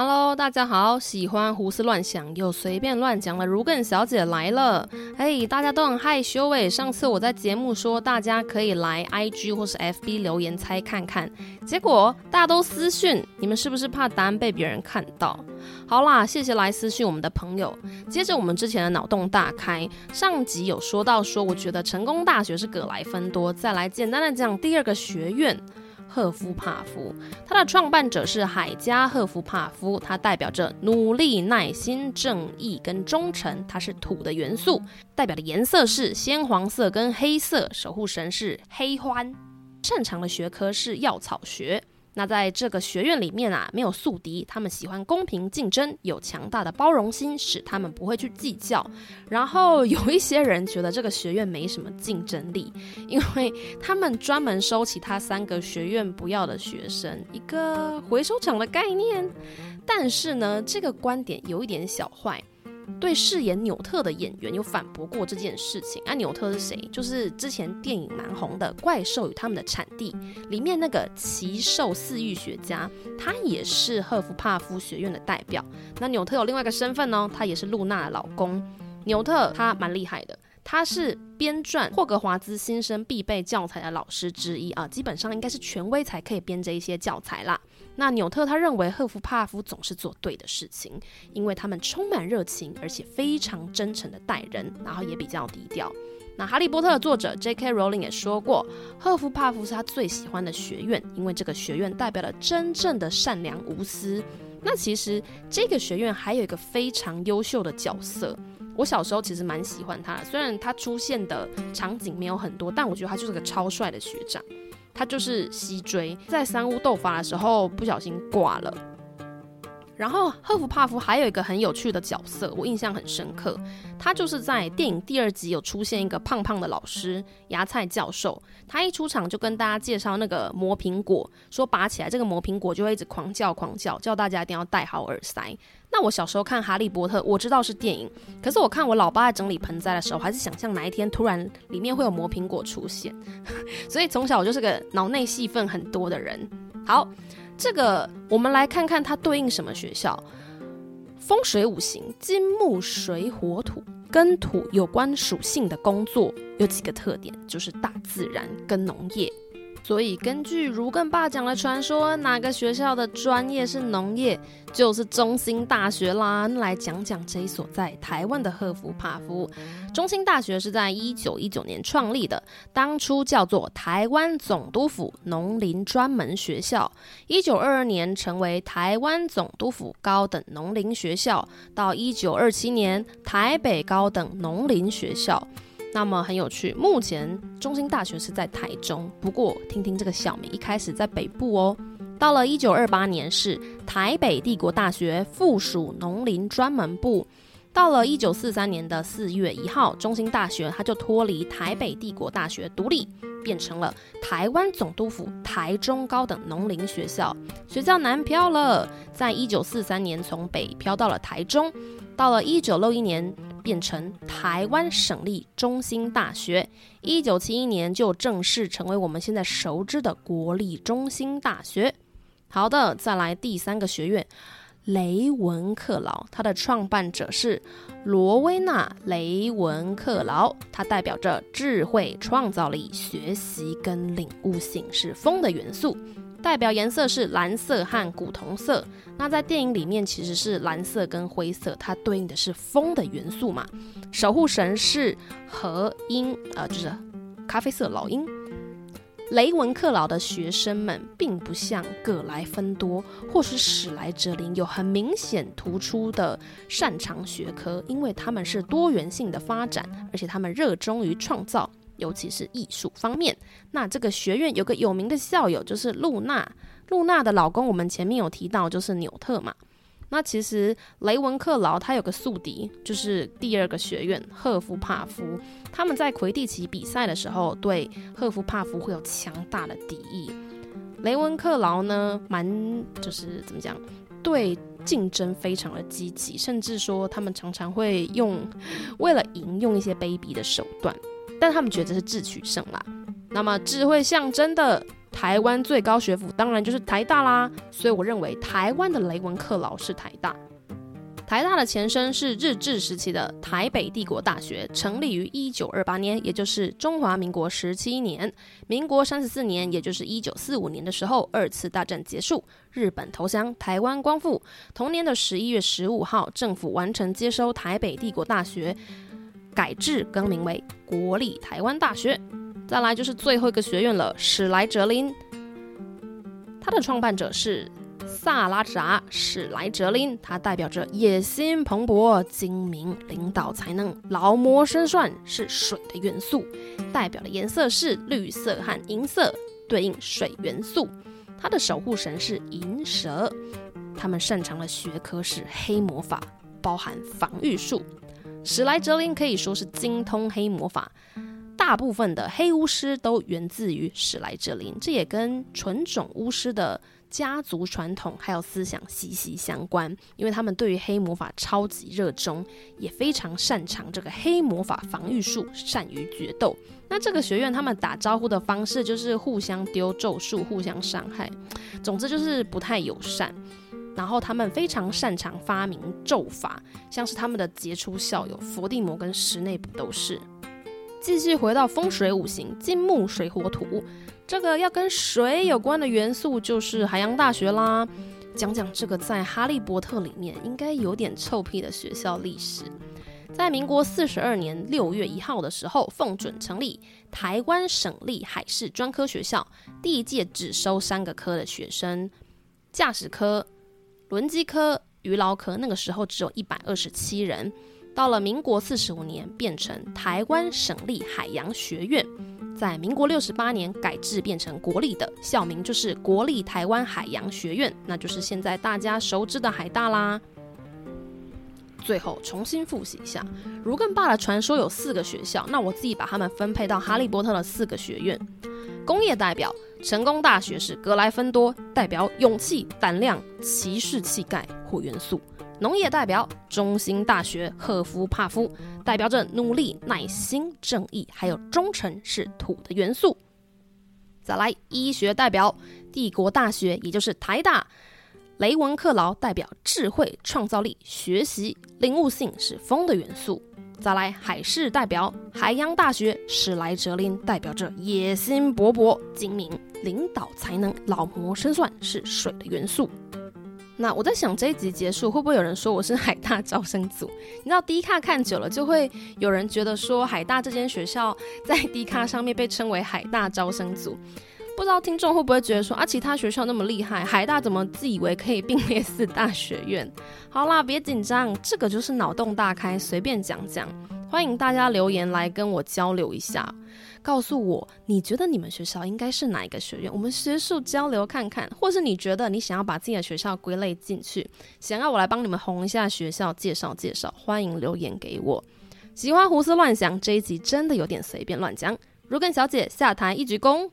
Hello，大家好，喜歡胡思亂想又隨便亂講的儒艮小姐來了。哎、hey，大家都很害羞哎、欸。上次我在節目說大家可以來 IG 或是 FB 留言猜看看，結果大家都私訊，你們是不是怕答案被別人看到？好啦，謝謝來私訊我們的朋友。接着我們之前的腦洞大開，上集有說到說，我覺得成功大學是葛萊芬多。再來簡單的講第二個學院。赫夫帕夫，它的創辦者是海加赫夫帕夫，它代表着努力、耐心、正義跟忠誠。它是土的元素，代表的顏色是鮮黃色跟黑色。守護神是黑獾，擅長的學科是藥草學。那在這個學院裡面啊，沒有宿敵，他們喜歡公平競爭，有強大的包容心，使他們不會去計較。然後有一些人覺得這個學院沒什麼競爭力，因為他們專門收其他三個學院不要的學生，一個回收場的概念。但是呢，這個觀點有一點小壞。對飾演紐特的演員有反駁過這件事情。那、啊、紐特是誰？就是之前電影蠻紅的《怪獸與他們的產地》裡面那個奇獸飼育學家，他也是赫夫帕夫學院的代表。那紐特有另外一個身份哦，他也是露娜的老公。紐特他蠻厲害的。他是編撰霍格華茲新生必備教材的老師之一啊，基本上應該是權威才可以編這一些教材啦。那紐特他認為赫夫帕夫總是做對的事情，因為他們充滿熱情，而且非常真誠的待人，然後也比較低調。那《哈利波特》的作者 J.K. Rowling 也說過，赫夫帕夫是他最喜歡的學院，因為這個學院代表了真正的善良無私。那其實這個學院還有一個非常優秀的角色。我小時候其實蠻喜歡他的，雖然他出現的場景沒有很多，但我覺得他就是個超帥的學長。他就是西追，在三巫鬥法的時候不小心掛了。然後赫夫帕夫還有一個很有趣的角色，我印象很深刻。他就是在電影第二集有出現一個胖胖的老師，芽菜教授。他一出場就跟大家介紹那個魔蘋果，說拔起來這個魔蘋果就會一直狂叫狂叫，叫大家一定要戴好耳塞。那我小時候看《哈利波特》，我知道是電影，可是我看我老爸在整理盆栽的時候，還是想象哪一天突然裡面會有魔蘋果出現。 所以從小我就是個腦內戲份很多的人。好。這個，我們來看看它對應什麼學校。風水五行，金木水火土，跟土有關屬性的工作有幾個特點，就是大自然跟農業。所以，根據儒艮爸講的傳說，哪個學校的專業是農業，就是中興大學啦。來講講這一所在台灣的赫夫帕夫。中興大學是在一九一九年創立的，當初叫做台灣總督府農林專門學校，一九二二年成為台灣總督府高等農林學校，到一九二七年台北高等農林學校。那麼很有趣，目前中興大學是在台中，不過聽聽這個校名，一開始在北部哦。到了一九二八年是台北帝國大學附屬農林專門部，到了一九四三年的四月一號，中興大學它就脫離台北帝國大學獨立，變成了台灣總督府台中高等農林學校，學校南漂了，在一九四三年從北漂到了台中，到了一九六一年。變成台灣省立中興大學，一九七一年就正式成為我們現在熟知的國立中興大學。好的，再來第三個學院，雷文克勞，它的創辦者是羅威納雷文克勞，它代表着智慧、創造力、學習跟領悟性，是風的元素。代表顏色是藍色和古銅色。那在電影裡面其實是藍色跟灰色，它對應的是風的元素嘛。守護神是和鷹，呃，就是咖啡色老鷹。雷文克勞的學生們並不像葛萊芬多或是史萊哲林有很明顯突出的擅長學科，因為他們是多元性的發展，而且他們熱衷於創造。尤其是藝術方面，那這個學院有個有名的校友就是露娜。露娜的老公我們前面有提到就是紐特嘛。那其實雷文克勞他有個宿敵，就是第二個學院赫夫帕夫，他們在魁地奇比賽的時候對赫夫帕夫會有強大的敵意。雷文克勞呢，蠻就是怎麼講，對競爭非常的積極，甚至說他們常常會用為了贏用一些卑鄙的手段。但他們覺得這是智取勝啦。那麼智慧象徵的台灣最高學府，當然就是台大啦。所以我認為台灣的雷文克勞是台大。台大的前身是日治時期的台北帝國大學，成立於一九二八年，也就是中華民國十七年。民國三十四年，也就是一九四五年的時候，二次大戰結束，日本投降，台灣光復。同年的十一月十五號，政府完成接收台北帝國大學。改制更名為國立台灣大學。再來就是最後一個學院了——史萊哲林。他的創辦者是薩拉扎·史萊哲林，他代表着野心蓬勃、精明、領導才能、老謀深算，是水的元素，代表的顏色是綠色和銀色，對應水元素。他的守護神是銀蛇，他們擅長的學科是黑魔法，包含防禦術。史萊哲林可以說是精通黑魔法，大部分的黑巫師都源自於史萊哲林，這也跟純種巫師的家族傳統還有思想息息相關，因為他們對於黑魔法超級熱衷，也非常擅長這個黑魔法防禦術，善於決鬥。那這個學院他們打招呼的方式就是互相丟咒術，互相傷害，總之就是不太友善。然後他們非常擅長發明咒法，像是他們的傑出校友佛地魔跟石內卜都是。繼續回到風水五行金木水火土，這個要跟水有關的元素就是海洋大學啦。講講這個在《哈利波特》裡面應該有點臭屁的學校歷史。在民國四十二年六月一號的時候，奉准成立台灣省立海事專科學校，第一屆只收三個科的學生，駕駛科。輪機科、漁撈科，那個時候只有一百二十七人。到了民國四十五年，變成台灣省立海洋學院。在民國六十八年改制變成國立的，校名就是國立台灣海洋學院，那就是現在大家熟知的海大啦。最後重新複習一下，如更爸的傳說有四個學校，那我自己把它們分配到哈利波特的四個學院。工業代表成功大學是格萊芬多，代表勇氣、膽量、騎士氣概，火元素。農業代表中興大學赫夫帕夫，代表着努力、耐心、正義，還有忠誠是土的元素。再來醫學代表帝國大學，也就是台大。雷文克勞代表智慧、創造力、學習、領悟性，是風的元素。再來，海事代表海洋大學，史萊哲林代表着野心勃勃、精明、領導才能、老謀深算，是水的元素。那我在想，這一集結束會不會有人說我是海大招生組？你知道 Dcard 看久了就會有人覺得說海大這間學校在 Dcard 上面被稱為海大招生組。不知道聽眾會不會覺得說啊，其他學校那麼厲害，海大怎麼自以為可以並列四大學院？好啦，別緊張，這個就是腦洞大開，隨便講講。歡迎大家留言來跟我交流一下，告訴我你覺得你們學校應該是哪一個學院，我們學術交流看看，或是你覺得你想要把自己的學校歸類進去，想要我來幫你們紅一下學校介紹介紹，歡迎留言給我。喜歡胡思亂想，這一集真的有點隨便亂講。儒艮小姐下台一鞠躬。